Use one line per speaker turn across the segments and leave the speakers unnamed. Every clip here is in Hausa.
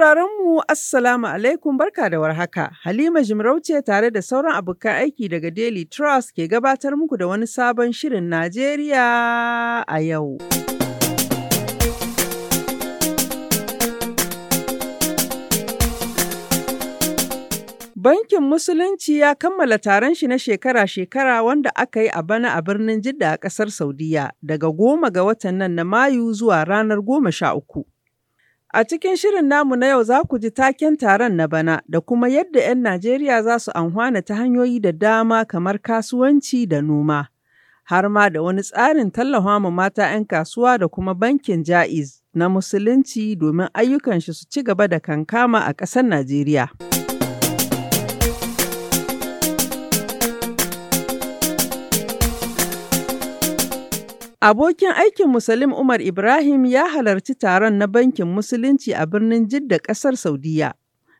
sauraronmu Assalamu alaikum barka da warhaka. Halima Jimarauce tare da sauran abokan aiki daga Daily Trust ke gabatar muku da wani sabon shirin Najeriya a yau. Bankin Musulunci ya kammala taron shi na shekara-shekara wanda aka yi a bana a birnin Jidda a ƙasar Saudiya daga goma ga watan nan na Mayu zuwa ranar goma sha uku. A cikin shirin namu na yau za ku ji taken taron na bana da kuma yadda 'yan Najeriya za su anhwana ta hanyoyi da dama kamar kasuwanci da noma, har ma da wani tsarin tallafa ma mata 'yan kasuwa da kuma bankin ja'iz na musulunci domin ayyukan shi su ci gaba da kankama a ƙasar Najeriya. Abokin aikin Musulun Umar Ibrahim ya halarci taron na Bankin Musulunci a birnin Jidda ƙasar Saudiya.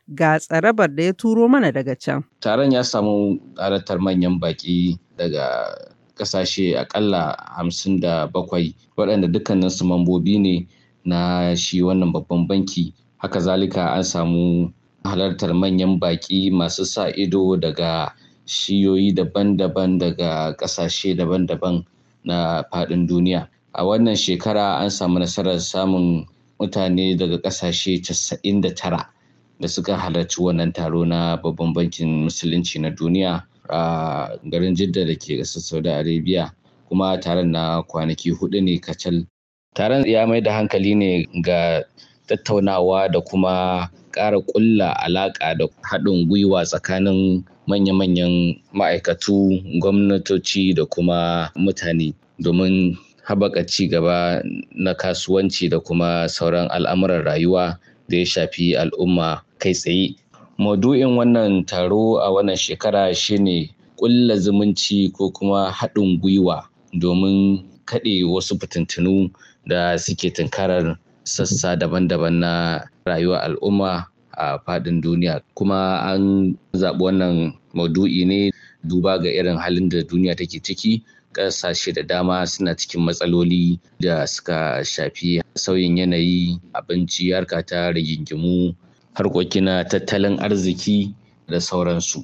Ga tsarabar da ya turo mana daga can.
Taron ya samu ƙaratar manyan baƙi daga ƙasashe aƙalla hamsin da bakwai waɗanda dukkaninsu mambobi ne na shi wannan babban banki. Haka zalika an samu halartar manyan baƙi masu sa ido daga shiyoyi daban-daban daga ƙasashe daban-daban na faɗin duniya a wannan shekara an samu nasarar samun mutane daga ƙasashe 99 da suka halarci wannan taro na babban bankin musulunci na duniya a garin jidda da ke ƙasar saudi arabia kuma taron na kwanaki hudu ne kacal taron ya mai da hankali ne ga tattaunawa da kuma ƙara ƙulla alaƙa da haɗin gwiwa tsakanin manya-manyan ma'aikatu gwamnatoci da kuma mutane domin haɓaka ci gaba na kasuwanci da kuma sauran al'amuran rayuwa da ya shafi al'umma kai tsaye. Maudu'in wannan taro a wannan shekara shine ƙulla zumunci ko kuma haɗin gwiwa domin kaɗe wasu fitintunu da suke tunkarar sassa daban-daban na rayuwar al'umma a faɗin duniya kuma an zaɓi wannan maudu'i ne duba ga irin halin da duniya take ciki ƙasashe da dama suna cikin matsaloli da suka shafi sauyin yanayi abinci harka ta rigingimu harkoki na tattalin arziki da sauransu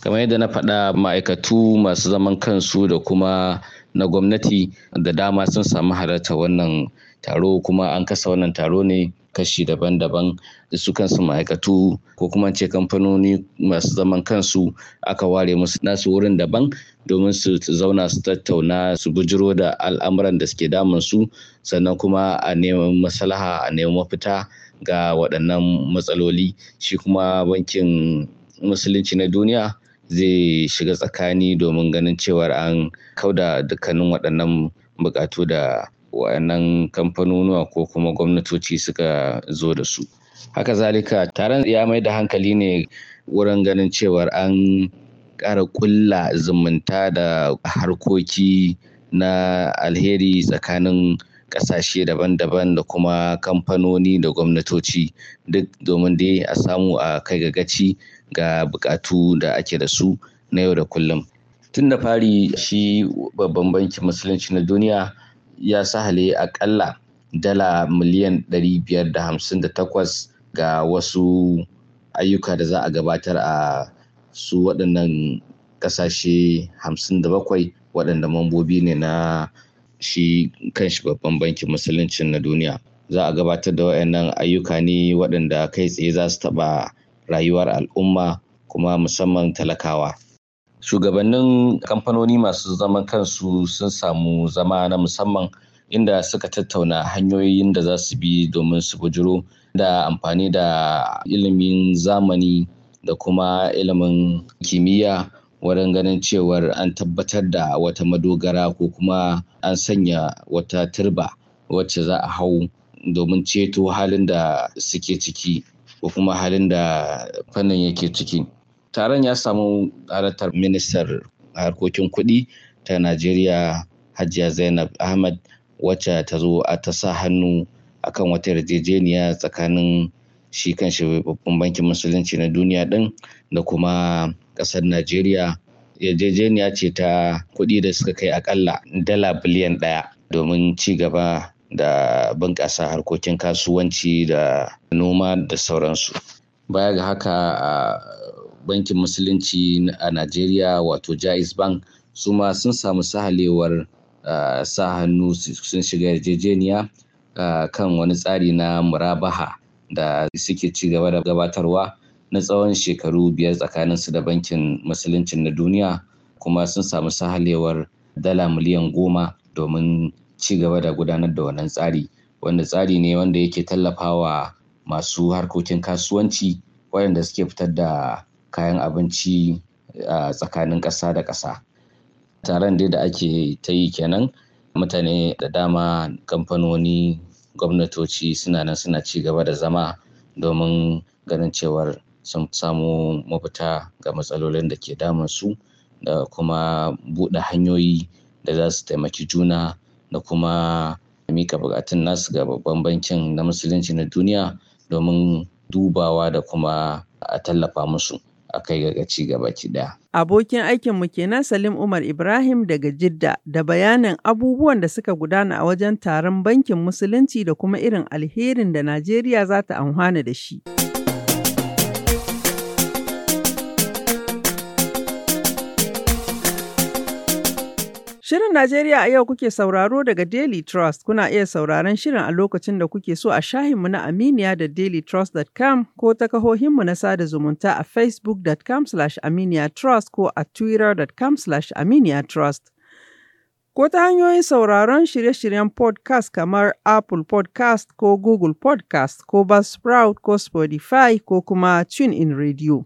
kamar yadda na faɗa ma'aikatu masu zaman kansu da kuma na gwamnati da dama sun samu halarta wannan taro kuma an kasa wannan taro ne kashi daban-daban su kansu ma'aikatu ko kuma ce kamfanoni masu zaman kansu aka ware musu nasu wurin daban domin su zauna su tattauna su bujiro da al'amuran da suke damun su sannan kuma a neman masalaha, a neman mafita ga waɗannan matsaloli shi kuma bankin musulunci na duniya zai shiga tsakani domin ganin cewar an kauda dukkanin waɗannan bukatu da Wannan kamfanonuwa ko kuma gwamnatoci suka zo da su haka zalika taron ya mai da hankali ne wurin ganin cewar an ƙara ƙulla zumunta da harkoki na alheri tsakanin ƙasashe daban-daban da kuma kamfanoni da gwamnatoci duk domin dai a samu a kai ga gaci ga buƙatu da ake da su na yau da kullum tun da fari shi babban bankin musulunci na duniya ya sahale akalla dala miliyan 558 ga wasu ayyuka da za a gabatar a su waɗannan ƙasashe 57 waɗanda mambobi ne na shi kanshi babban bankin Musulunci na duniya za a gabatar da waɗannan ayyuka ne waɗanda kai tsaye za su taɓa rayuwar al'umma kuma musamman talakawa. shugabannin kamfanoni masu zaman kansu sun samu zama na musamman inda suka tattauna hanyoyin da za su bi domin su bujiro da amfani da ilimin zamani da kuma ilimin kimiyya wurin ganin cewar an tabbatar da wata madogara ko kuma an sanya wata turba wacce za a hau domin ceto halin da suke ciki ko kuma halin da fannin yake ciki. taron ya samu halartar ministar harkokin kuɗi ta najeriya hajiya zainab ahmad wacce ta zo ta sa hannu akan wata yarjejeniya tsakanin shi shi babban bankin musulunci na duniya ɗin, da kuma ƙasar najeriya yarjejeniya ce ta kuɗi da suka kai akalla dala biliyan ɗaya domin ci gaba da bunƙasa harkokin kasuwanci da noma da sauransu baya ga haka bankin musulunci a najeriya wato jais bank su ma sun samu sahalewar sa hannu sun shiga yarjejeniya kan wani tsari na murabaha da suke ci gaba da gabatarwa na tsawon shekaru biyar tsakanin su da bankin Musulunci na duniya kuma sun samu sahalewar dala miliyan goma domin ci gaba da gudanar da wannan tsari wanda tsari ne wanda yake tallafawa masu harkokin kasuwanci waɗanda suke fitar da kayan abinci a tsakanin ƙasa da ƙasa. Taron dai da ake ta yi kenan mutane da dama kamfanoni gwamnatoci suna nan suna ci gaba da zama domin ganin cewar sun samu mafita ga matsalolin da ke damun su da kuma buɗe hanyoyi da za su taimaki juna da kuma mika bukatun nasu ga babban bankin na musulunci na duniya domin dubawa da kuma a tallafa musu. a kai ga ci gaba ki
daya. Abokin aikinmu kenan Salim Umar Ibrahim daga Jidda da bayanin abubuwan da suka gudana a wajen taron bankin Musulunci da kuma irin alherin da Najeriya za ta amfana da shi. Shirin Najeriya a yau kuke sauraro daga Daily Trust. Kuna iya sauraron shirin a lokacin da kuke so a shahinmu na Aminiya da dailytrust.com ko ta kahohinmu na sada zumunta a facebook.com aminiyatrust ko a twitter.com aminiyatrust. Ko ta hanyoyin sauraron shirye-shiryen podcast kamar Apple podcast ko Google podcast ko Buzzsprout ko Spotify ko kuma TuneIn Radio.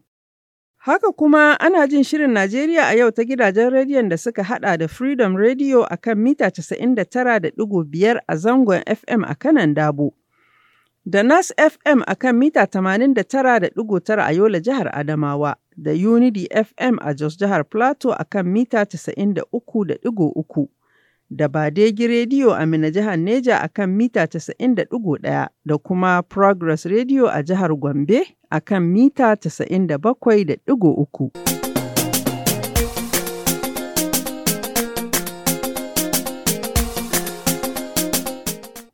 Haka kuma ana jin Shirin Najeriya a yau ta gidajen rediyon da suka hada da Freedom Radio a kan mita 99.5 a zangon FM a kanan Dabo, da Nas FM a kan mita 89.9 a Yola jihar Adamawa, da Unity FM a Jos jihar Plateau a kan mita 93.3. da Badegi Rediyo a Mina jihar Neja a kan mita 90.1 da kuma Progress Rediyo a jihar Gombe a kan mita 97.3.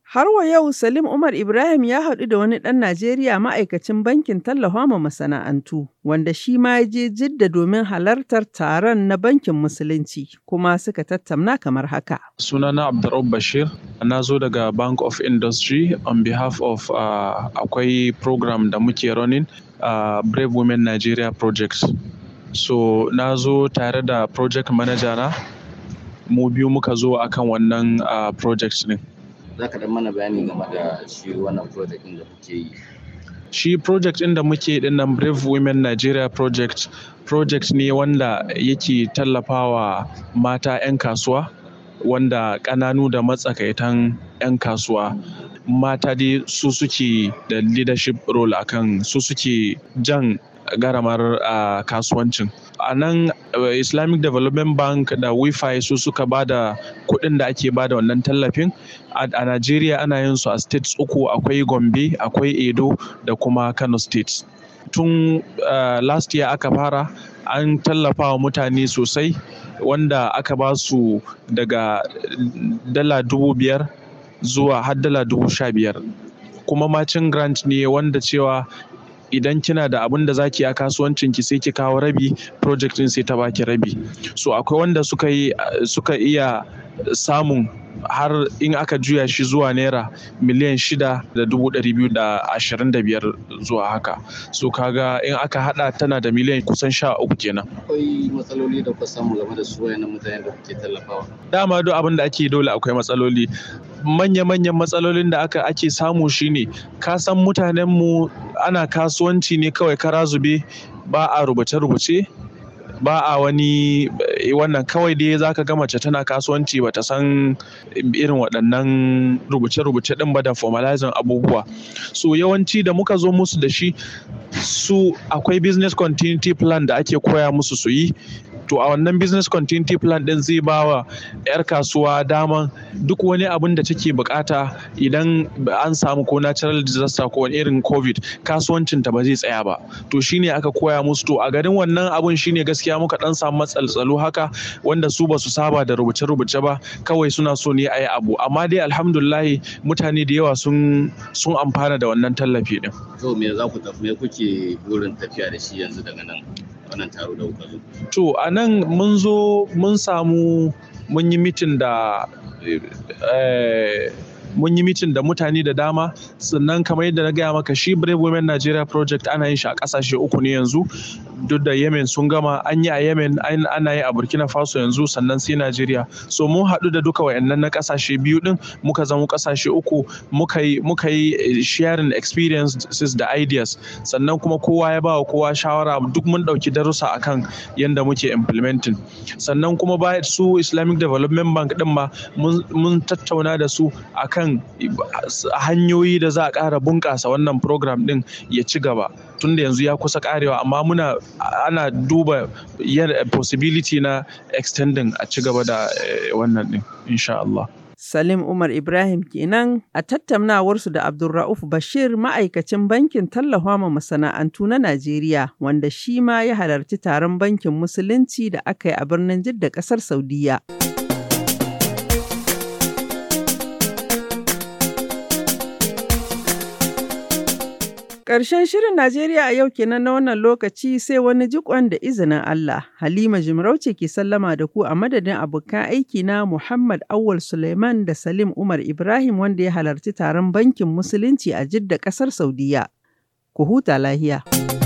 Har wa yau Salim Umar Ibrahim ya haɗu da wani ɗan Najeriya ma'aikacin bankin ma masana'antu, wanda shi ma ya je Jidda domin halartar taron na bankin Musulunci, kuma suka tattamna kamar haka.
Sunana Abdurrab Bashir, na zo daga Bank of Industry on behalf of uh, akwai program da muke running uh, Brave Women Nigeria Project. So, na zo tare da project manager na, mu biyu muka zo akan wannan uh, project ne.
za ka dan mana bayani game da shi wannan project ɗin da kuke yi
shi project ɗin da muke ɗin nan brave women nigeria project project ne wanda yake tallafawa mata 'yan kasuwa wanda ƙananu da matsakaitan 'yan kasuwa mata dai su suke da leadership role akan su suke jan garamar uh, kasuwancin a nan eh, islamic development bank da wifi su suka ba da kuɗin da ake ba da wannan tallafin a najeriya ana yin su a states uku akwai gombe akwai edo da kuma kano states tun uh, last year aka fara an tallafa wa mutane sosai wanda aka ba su daga dala dubu biyar zuwa har dala dubu sha biyar kuma macin grant ne wanda cewa idan kina da abin da zaki a kasuwancin ki sai ki kawo rabi project din sai ta baki rabi so akwai wanda suka yi suka iya samun har in aka juya shi zuwa naira miliyan shida da dubu ɗari biyu da ashirin da biyar zuwa haka so kaga in aka hada tana da miliyan kusan sha uku kenan
akwai matsaloli da kuka samu game da su wayannan mutane da kuke tallafawa
dama duk abin da ake dole akwai matsaloli manya-manyan matsalolin da aka ake samu shine ka san mutanenmu ana kasuwanci ne kawai kara zube ba a rubuce-rubuce ba a wani Eh, wannan kawai dai zaka ga mace tana kasuwanci ba ta san irin waɗannan rubuce-rubuce ɗin ba da formalizing abubuwa so yawanci da muka zo musu da shi su akwai business continuity plan da ake koya musu su yi to a wannan business continuity plan din zai ba wa 'yar kasuwa dama duk wani abin da take bukata idan an samu ko natural disaster ko wani irin covid kasuwancin ta ba zai tsaya ba to shine aka koya musu to a garin wannan abun shine gaskiya muka dan samu matsaltsalu haka wanda su ba su saba da rubuce-rubuce ba kawai suna so ne a yi abu amma dai alhamdulillahi mutane da yawa sun amfana da wannan tallafi din.
To me za ku tafi me kuke burin tafiya da shi yanzu daga nan wannan taro da kuka zo?
To a nan mun zo mun samu mun yi mitin da eh, mun yi mitin da mutane da dama sannan kamar yadda na gaya maka shi brave women nigeria project ana yin shi a kasashe uku ne yanzu duk da yemen sun gama an yi a yemen ana yi a burkina faso yanzu sannan sai nigeria so mun haɗu da duka wayannan na kasashe biyu din muka zama kasashe uku muka yi muka yi eh, sharing experiences da ideas sannan kuma kowa ya ba wa kowa shawara duk mun ɗauki darussa akan yanda muke implementing sannan kuma ba su islamic development bank din ma mun tattauna da su akan akan hanyoyi da za a ƙara bunƙasa wannan program ɗin ya ci gaba tunda yanzu ya kusa ƙarewa amma muna ana duba possibility na extending a ci gaba da eh, wannan ɗin insha Allah.
Salim Umar Ibrahim kenan a tattaunawarsu da Abdulra'uf Bashir ma'aikacin bankin tallafa ma masana'antu na Najeriya wanda shi ma ya halarci taron bankin Musulunci da aka yi a birnin Jidda ƙasar Saudiyya. Ƙarshen shirin Najeriya a yau kenan na wannan lokaci sai wani jikon da izinin Allah. Halima Jimarauce ke sallama da ku a madadin abokan aiki na Muhammad Awul Suleiman da Salim Umar Ibrahim wanda ya halarci taron bankin Musulunci a Jidda ƙasar Saudiya. Ku huta lahiya.